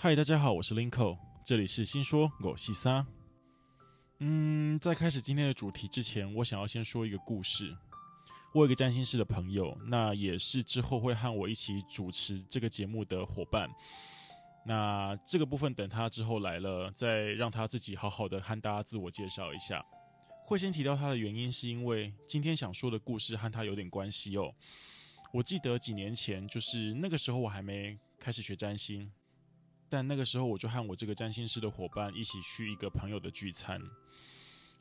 嗨，大家好，我是 Linko，這裡是新說五四三。嗯，在開始今天的主題之前，我想要先說一個故事。我有一個占星師的朋友，那也是之後會和我一起主持這個節目的夥伴。那這個部分等他之後來了，再讓他自己好好的和大家自我介紹一下。會先提到他的原因，是因為今天想說的故事和他有點關係哦。我記得幾年前，就是那個時候我還沒開始學占星。但那個時候，我就和我這個占星師的夥伴一起去一個朋友的聚餐，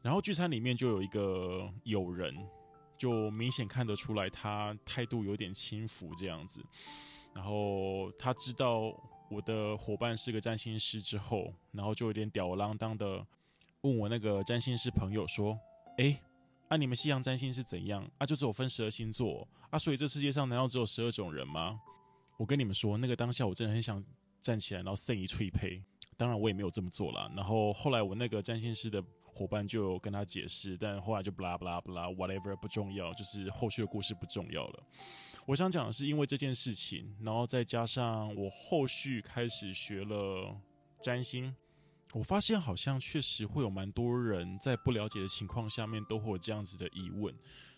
然後聚餐裡面就有一個友人，就明顯看得出來他態度有點輕浮這樣子。然後他知道我的夥伴是個占星師之後，然後就有點吊兒郎當的問我那個占星師朋友說：“哎、欸，啊你們西洋占星是怎樣啊？就只有分十二星座啊？所以這世界上難道只有十二種人嗎？”我跟你們說，那個當下我真的很想。站起來，然後剩一翠胚。當然，我也沒有這麼做啦。然後後來，我那個占星師的夥伴就跟他解釋，但後來就 blah blah blah，whatever，不重要，就是後續的故事不重要了。我想講的是，因為這件事情，然後再加上我後續開始學了占星，我發現好像確實會有蠻多人在不了解的情況下面都會有這樣子的疑問。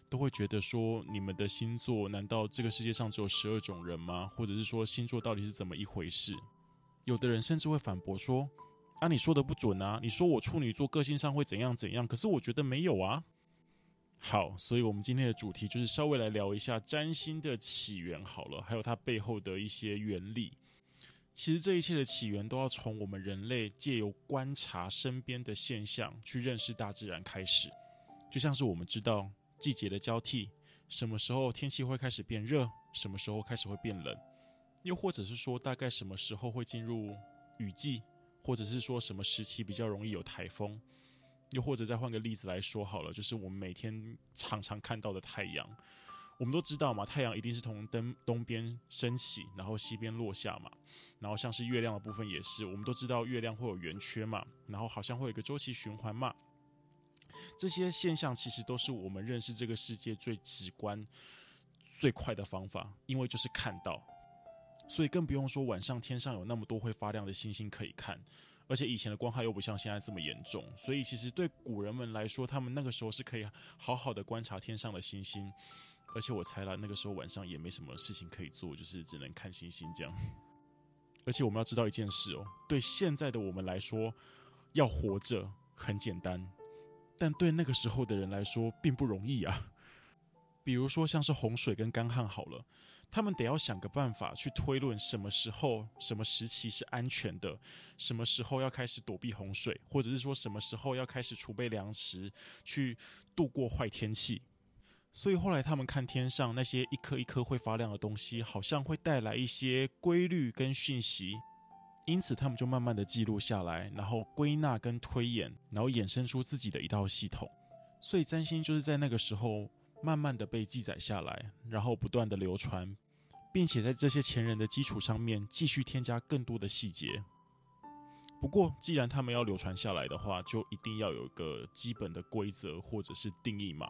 都會覺得說，你們的星座難道這個世界上只有十二種人嗎？或者是說，星座到底是怎麼一回事？有的人甚至會反駁說：“啊，你說的不準啊！你說我處女座個性上會怎樣怎樣，可是我覺得沒有啊。”好，所以，我們今天的主題就是稍微來聊一下占星的起源，好了，還有它背後的一些原理。其實，這一切的起源都要從我們人類借由觀察身邊的現象去認識大自然開始，就像是我們知道，季節的交替，什麼時候天氣會開始變熱？什麼時候開始會變冷？又或者是說，大概什麼時候會進入雨季？或者是說什麼時期比較容易有颱風？又或者再換個例子來說好了，就是我們每天常常看到的太陽，我們都知道嘛，太陽一定是從東東邊升起，然後西邊落下嘛。然後像是月亮的部分也是，我們都知道月亮會有圓缺嘛，然後好像會有一個週期循環嘛。這些現象其實都是我們認識這個世界最直觀、最快的方法，因為就是看到，所以更不用說晚上天上有那麼多會發亮的星星可以看，而且以前的光害又不像現在這麼嚴重，所以其實對古人們來說，他們那個時候是可以好好的觀察天上的星星，而且我猜了那個時候晚上也沒什麼事情可以做，就是只能看星星這樣。而且我們要知道一件事哦，對現在的我們來說，要活着很簡單。但對那個時候的人來說並不容易啊，比如說像是洪水跟乾旱好了，他們得要想個辦法去推論什麼時候、什麼時期是安全的，什麼時候要開始躲避洪水，或者是說什麼時候要開始儲備糧食去度過壞天氣。所以後來他們看天上那些一顆一顆會發亮的東西，好像會帶來一些規律跟訊息。因此，他們就慢慢的記錄下來，然後歸納跟推演，然後衍生出自己的一套系統。所以，占星就是在那個時候慢慢的被記載下來，然後不斷的流傳，並且在這些前人的基礎上面繼續添加更多的細節。不過，既然他們要流傳下來的話，就一定要有一個基本的規則或者是定義嘛，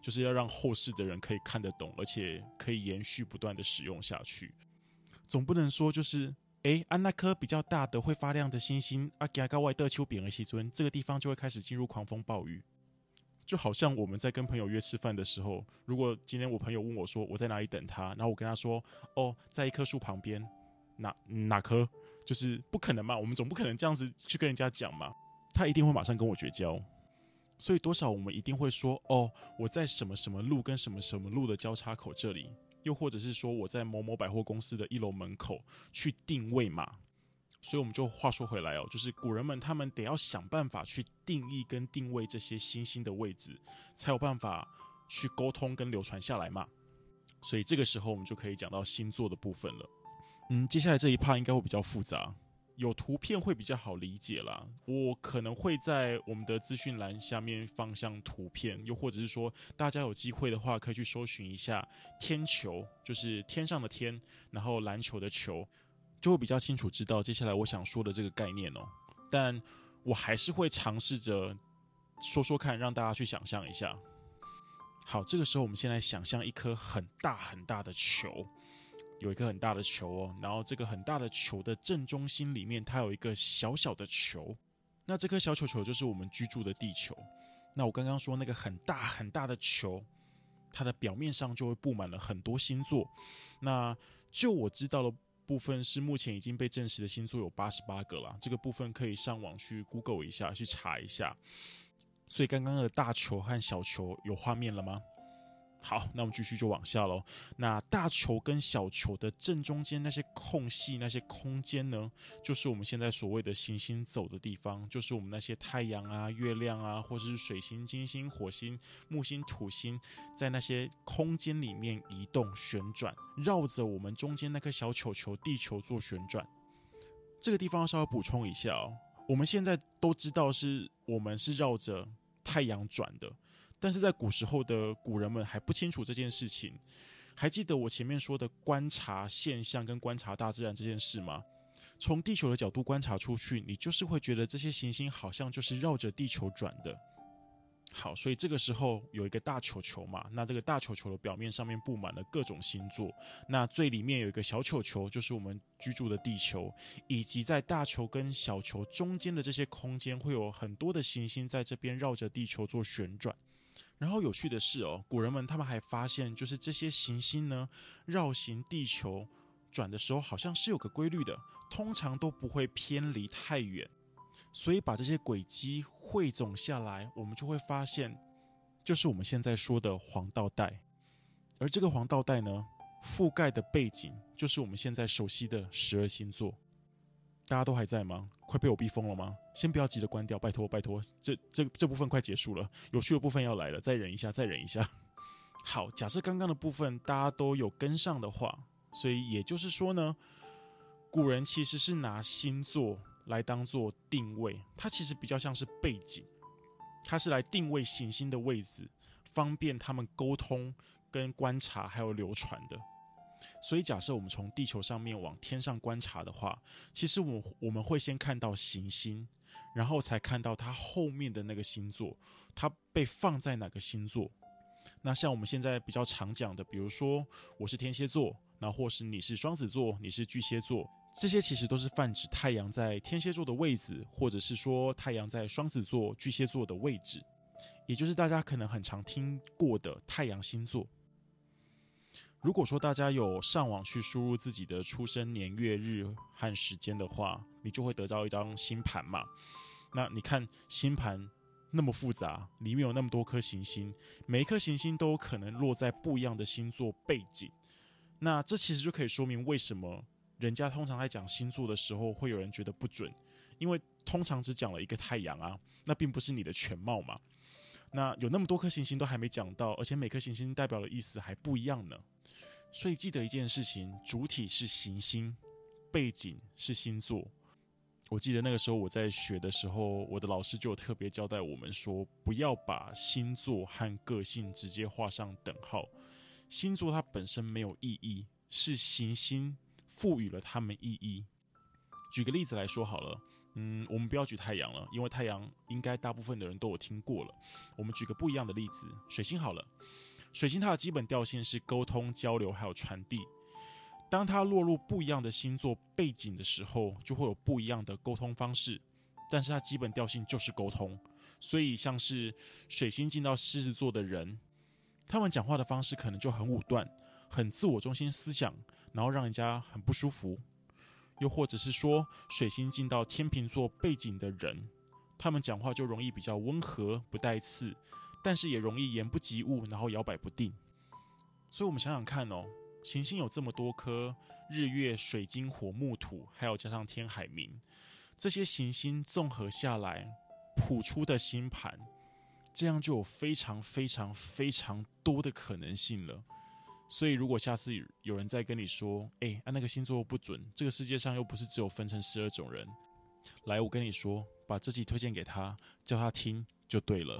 就是要讓後世的人可以看得懂，而且可以延續不斷的使用下去。總不能說就是。哎、欸，按、啊、那顆比較大的會發亮的星星，阿高外的丘比爾西村這個地方就會開始進入狂風暴雨，就好像我們在跟朋友約吃飯的時候，如果今天我朋友問我說我在哪裡等他，然後我跟他說哦，在一棵樹旁邊，哪哪棵？就是不可能嘛，我們總不可能這樣子去跟人家講嘛，他一定會馬上跟我絕交。所以多少我們一定會說哦，我在什麼什麼路跟什麼什麼路的交叉口這裡。又或者是說我在某某百貨公司的一樓門口去定位嘛，所以我們就話說回來哦、喔，就是古人們他們得要想辦法去定義跟定位這些星星的位置，才有辦法去溝通跟流傳下來嘛。所以這個時候我們就可以講到星座的部分了。嗯，接下來這一趴應該會比較複雜。有圖片會比較好理解啦，我可能會在我們的資訊欄下面放上圖片，又或者是說大家有機會的話可以去搜尋一下天球，就是天上的天，然後籃球的球，就會比較清楚知道接下來我想說的這個概念哦。但我還是會嘗試着說說看，讓大家去想象一下。好，這個時候我們先來想象一顆很大很大的球。有一顆很大的球哦，然後這個很大的球的正中心裡面，它有一個小小的球，那這顆小球球就是我們居住的地球。那我剛剛說那個很大很大的球，它的表面上就會布滿了很多星座。那就我知道的部分是目前已經被證實的星座有八十八個啦，這個部分可以上網去 Google 一下，去查一下。所以剛剛的大球和小球有畫面了嗎？好，那我們繼續就往下咯。那大球跟小球的正中間那些空隙，那些空間呢，就是我們現在所謂的行星走的地方，就是我們那些太陽啊，月亮啊，或者是水星、金星、火星、木星、土星，在那些空間裡面移動、旋轉，繞着我們中間那顆小球球地球做旋轉。這個地方要稍微補充一下哦，我們現在都知道是我們是繞着太陽轉的。但是在古時候的古人們還不清楚這件事情，還記得我前面說的觀察現象跟觀察大自然這件事嗎？從地球的角度觀察出去，你就是會覺得這些行星好像就是繞着地球轉的。好，所以這個時候有一個大球球嘛，那這個大球球的表面上面布滿了各種星座，那最裡面有一個小球球，就是我們居住的地球，以及在大球跟小球中間的這些空間，會有很多的行星在這邊繞着地球做旋轉。然後有趣的是哦，古人們他們還發現，就是這些行星呢繞行地球轉的時候，好像是有個規律的，通常都不會偏離太遠。所以把這些軌跡匯總下來，我們就會發現，就是我們現在說的黃道帶。而這個黃道帶呢，覆蓋的背景就是我們現在熟悉的十二星座。大家都還在嗎？快被我逼瘋了嗎？先不要急着關掉，拜托拜托，這這這部分快結束了，有趣的部分要來了，再忍一下，再忍一下。好，假設剛剛的部分大家都有跟上的話，所以也就是說呢，古人其實是拿星座來當做定位，它其實比較像是背景，它是來定位行星的位置，方便他們溝通跟觀察，還有流傳的。所以，假設我們從地球上面往天上觀察的話，其實我我們會先看到行星，然後才看到它後面的那個星座，它被放在哪個星座。那像我們現在比較常講的，比如說我是天蠍座，那或是你是雙子座，你是巨蟹座，這些其實都是泛指太陽在天蠍座的位置，或者是說太陽在雙子座、巨蟹座的位置，也就是大家可能很常聽過的太陽星座。如果說大家有上網去輸入自己的出生年月日和時間的話，你就會得到一張星盤嘛。那你看星盤那麼複雜，裡面有那麼多顆行星，每一顆行星都有可能落在不一樣的星座背景。那這其實就可以說明為什麼人家通常在講星座的時候會有人覺得不準，因為通常只講了一個太陽啊，那並不是你的全貌嘛。那有那麼多顆行星都還沒講到，而且每顆行星代表的意思還不一樣呢。所以記得一件事情，主體是行星，背景是星座。我記得那個時候我在學的時候，我的老師就特別交代我們說，不要把星座和個性直接畫上等號。星座它本身沒有意義，是行星賦予了它們意義。舉個例子來說好了，嗯，我們不要舉太陽了，因為太陽應該大部分的人都有聽過了。我們舉個不一樣的例子，水星好了。水星它的基本調性是溝通、交流還有傳遞。當它落入不一樣的星座背景的時候，就會有不一樣的溝通方式。但是它基本調性就是溝通，所以像是水星進到獅子座的人，他們講話的方式可能就很武斷、很自我中心思想，然後讓人家很不舒服。又或者是說水星進到天秤座背景的人，他們講話就容易比較溫和，不帶刺。但是也容易言不及物，然後搖擺不定。所以，我們想想看哦，行星有這麼多顆，日月水金火木土，還有加上天海冥，這些行星綜合下來，譜出的星盤，這樣就有非常非常非常多的可能性了。所以，如果下次有人再跟你說，哎，啊那個星座不準，這個世界上又不是只有分成十二種人，來，我跟你說，把這集推薦給他，叫他聽就對了。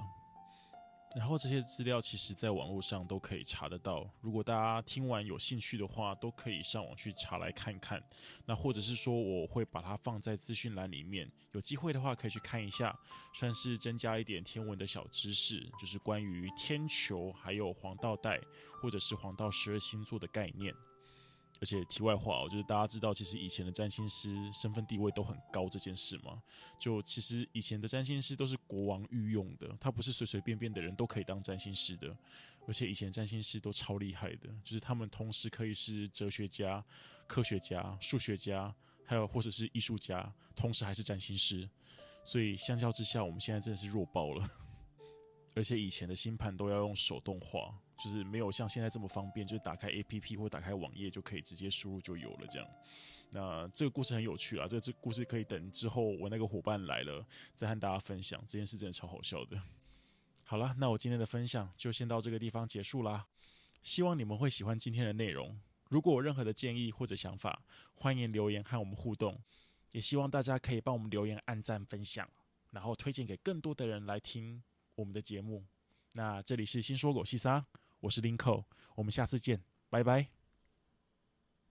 然後這些資料其實在網絡上都可以查得到。如果大家聽完有興趣的話，都可以上網去查來看看。那或者是說，我會把它放在資訊欄裡面，有機會的話可以去看一下，算是增加一點天文的小知識，就是關於天球、還有黃道帶或者是黃道十二星座的概念。而且題外話，我就是大家知道，其實以前的占星師身份地位都很高這件事嘛。就其實以前的占星師都是國王御用的，他不是隨隨便便的人都可以當占星師的。而且以前占星師都超厲害的，就是他們同時可以是哲學家、科學家、數學家，還有或者是藝術家，同時還是占星師。所以相較之下，我們現在真的是弱爆了。而且以前的星盤都要用手動畫。就是沒有像現在這麼方便，就是打開 APP 或打開網頁就可以直接輸入就有了這樣。那這個故事很有趣啊，這這個故事可以等之後我那個伙伴來了再和大家分享，這件事真的超好笑的。好了，那我今天的分享就先到這個地方結束啦。希望你們會喜歡今天的內容。如果有任何的建議或者想法，歡迎留言和我們互動。也希望大家可以幫我們留言、按讚、分享，然後推薦給更多的人來聽我們的節目。那這裡是新說狗西沙。我是林口，我們下次見，拜拜。